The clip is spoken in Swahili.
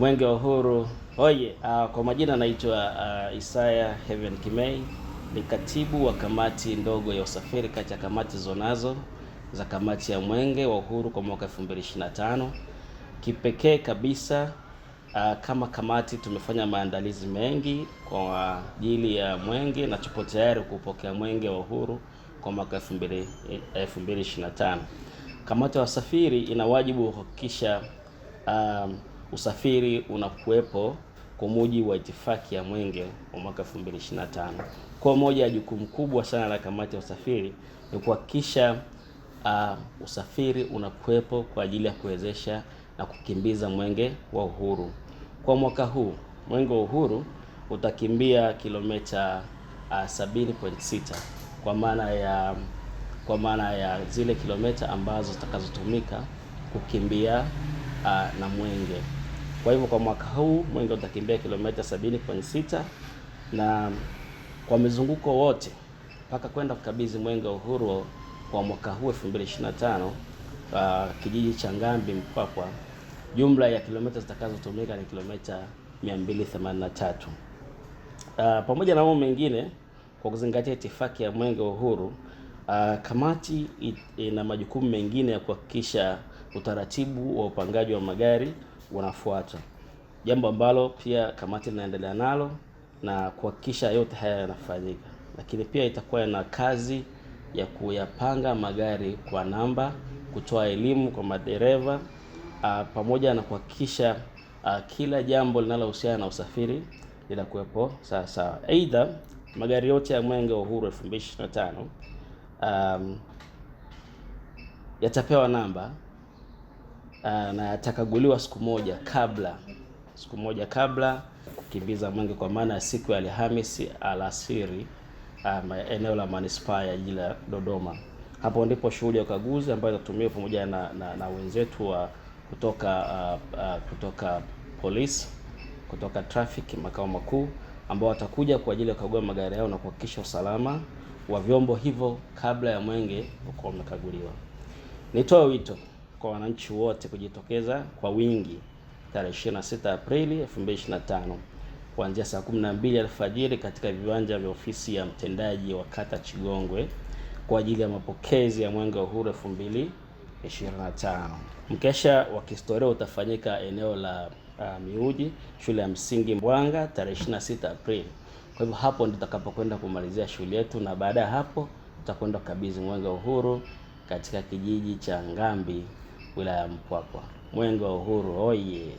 Mwenge wa Uhuru oye! Uh, kwa majina naitwa uh, ah, Isaya Heaven Kimei, ni katibu wa kamati ndogo ya usafiri kati ya kamati zonazo za kamati ya Mwenge wa Uhuru kwa mwaka 2025. Kipekee kabisa uh, kama kamati tumefanya maandalizi mengi kwa ajili ya mwenge na tupo tayari kupokea Mwenge wa Uhuru kwa mwaka 2025. Kamati ya wasafiri ina wajibu kuhakikisha um, usafiri unakuwepo kwa mujibu wa itifaki ya Mwenge wa mwaka 2025. Kwa moja ya jukumu kubwa sana la kamati ya usafiri ni kuhakikisha uh, usafiri unakuwepo kwa ajili ya kuwezesha na kukimbiza Mwenge wa Uhuru. Kwa mwaka huu Mwenge wa Uhuru utakimbia kilomita uh, 70.6 kwa maana ya kwa maana ya zile kilomita ambazo zitakazotumika kukimbia uh, na Mwenge. Kwa hivyo kwa mwaka huu mwenge utakimbia kilomita 70.6 na kwa mizunguko wote mpaka kwenda kukabidhi mwenge wa uhuru kwa mwaka huu 2025 uh, kijiji cha Ngambi Mpwapwa, jumla ya kilomita zitakazotumika ni kilomita 283. Uh, pamoja na mambo mengine, kwa kuzingatia itifaki ya mwenge wa uhuru uh, kamati ina majukumu mengine ya kuhakikisha utaratibu wa upangaji wa magari wanafuata, jambo ambalo pia kamati linaendelea nalo na kuhakikisha yote haya yanafanyika, lakini pia itakuwa na kazi ya kuyapanga magari kwa namba, kutoa elimu kwa madereva a, ah, pamoja na kuhakikisha ah, kila jambo linalohusiana na usafiri linakuwepo sawa sawa. Aidha, magari yote ya Mwenge wa Uhuru 2025 um, ah, yatapewa namba Ah, na atakaguliwa siku moja kabla siku moja kabla kukimbiza mwenge, kwa maana ya siku ya Alhamisi alasiri um, eneo la manispaa ya jiji la Dodoma. Hapo ndipo shughuli ya ukaguzi ambayo itatumiwa pamoja na, na, na wenzetu wa kutoka uh, uh, kutoka polisi kutoka traffic makao makuu ambao watakuja kwa ajili ya kukagua magari yao na kuhakikisha usalama wa vyombo hivyo kabla ya mwenge ukawa umekaguliwa. Nitoe wito kwa wananchi wote kujitokeza kwa wingi tarehe 26 Aprili 2025 kuanzia saa 12 alfajiri katika viwanja vya ofisi ya mtendaji wa kata Chigongwe kwa ajili ya mapokezi ya Mwenge wa Uhuru 2025. Mkesha wa kihistoria utafanyika eneo la uh, Miuji shule ya msingi Mbwanga tarehe 26 Aprili. Kwa hivyo hapo ndio tutakapokwenda kumalizia shughuli yetu, na baada ya hapo tutakwenda kukabidhi Mwenge wa Uhuru katika kijiji cha Ngambi wilaya ya Mpwapwa. Mwenge wa Uhuru oye!